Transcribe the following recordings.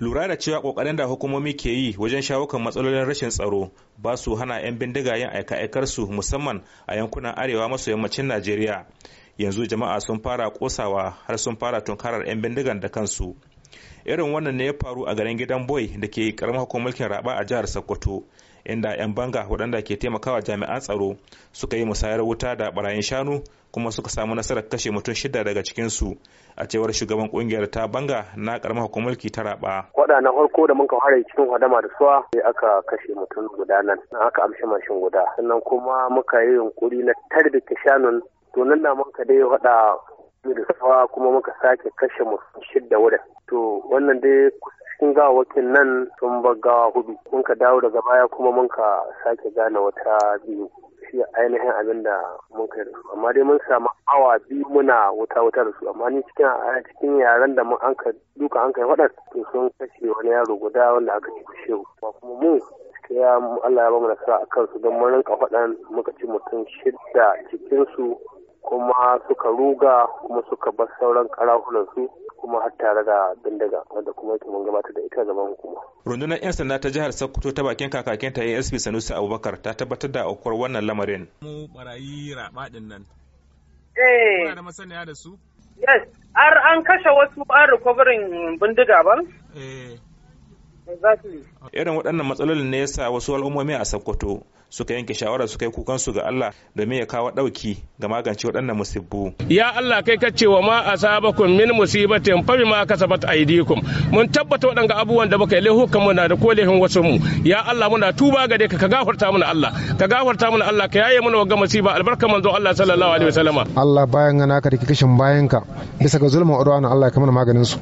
lura da cewa kokarin da hukumomi ke yi wajen shawo kan matsalolin rashin tsaro ba su hana 'yan bindiga yin aika-aikar su musamman a yankunan arewa maso yammacin najeriya yanzu jama'a sun fara kosawa har sun fara tunkarar 'yan bindigan da kansu irin wannan ne ya faru a garin gidan boy da ke karamar hukumar mulkin raba a jihar sokoto inda 'yan banga waɗanda ke taimakawa jami'an tsaro suka yi musayar wuta da barayin shanu kuma suka samu nasarar kashe mutum shida daga cikinsu a cewar shugaban kungiyar ta banga na karamar hukumar mulki ta raba. waɗannan farko da muka fara cikin hadama da suwa sai aka kashe mutum guda nan aka amshi mashin guda sannan kuma muka yi yunkuri na tarbike shanun to nan da muka dai faɗa da suwa kuma muka sake kashe mutum shida wurin to wannan dai cikin gawakin nan sun gawa hudu mun ka dawo daga baya kuma mun ka sake gane wata biyu shi ainihin abin da mun kai da su amma dai mun samu awa biyu muna wuta wuta da su amma ni cikin cikin yaran da mun anka duka an kai wadar to sun kashe wani yaro guda wanda aka ci Ba kuma mu ya Allah ya bamu nasara a kansu don mun rinka faɗan muka ci mutum shidda cikinsu kuma suka ruga kuma suka bar sauran karahunan kuma har tare da bindiga wanda kuma yake mun gabatar da ita zaman hukuma. Rundunar 'yan sanda ta jihar Sokoto ta bakin kakakin ta ASP Sanusi Abubakar ta tabbatar da aukuwar wannan lamarin. Mu barayi rabaɗin nan. Eh. Kuna da masaniya da su? Yes, ar an kashe wasu an recovering bindiga ba? Eh. Exactly. Irin waɗannan matsalolin ne yasa wasu al'ummomi a Sokoto suka yanke shawara suka yi kukan su ga Allah domin ya kawo dauki ga magance waɗannan musibbu ya Allah kai kace wa ma asabakum min musibatin fa bima kasabat aydikum mun tabbata waɗanga abubuwan da muka yi lehukan mu na da kolehin wasu mu ya Allah muna tuba ga ka ka gafarta mana Allah ka gafarta mana Allah ka yaye mana wagga musiba albarka manzo Allah sallallahu alaihi wasallama Allah bayan gana ka da kishin bayan ka bisa ga zulmin urwan Allah ka mana maganin su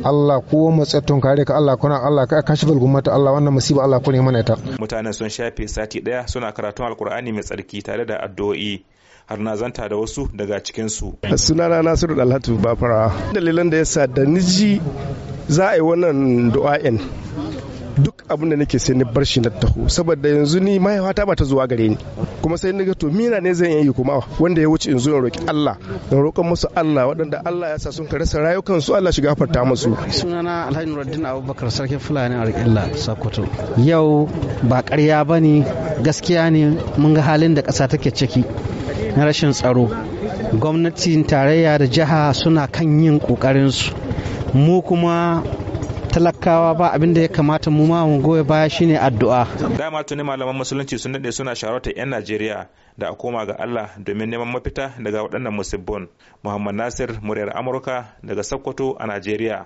Allah ko matsattun kare ka Allah kuna Allah ka kashi gulmata Allah wannan musiba Allah kone mana ita mutanen sun shafe sati daya suna karatun alkur'ani mai tsarki tare da addu'o'i har na zanta da wasu daga cikin su sunana nasiru dalhatu bafara dalilan da yasa da niji za a yi wannan du'a'in duk abin da nake sai ni bar shi na taho saboda yanzu ni mahaifata ba ta zuwa gare ni kuma sai ni ga to mina ne zan yi kuma wanda ya wuce in zo roki Allah in roƙon musu Allah waɗanda Allah ya sa sun ka rasa rayukan su Allah shi gafarta musu sunana Alhaji Nuruddin Abubakar sarkin Fulani Rikilla Sokoto yau ba ƙarya bane gaskiya ne mun ga halin da ƙasa take ciki na rashin tsaro gwamnatin tarayya da jiha suna kan yin ƙoƙarinsu mu kuma talakawa ba abin da ya kamata mu ma mu goya baya shine addu'a dama tuni malaman musulunci sun dade suna shawartar yan Najeriya da a koma ga Allah domin neman mafita daga waɗannan musibbon Muhammad Nasir muryar Amurka daga Sokoto a Najeriya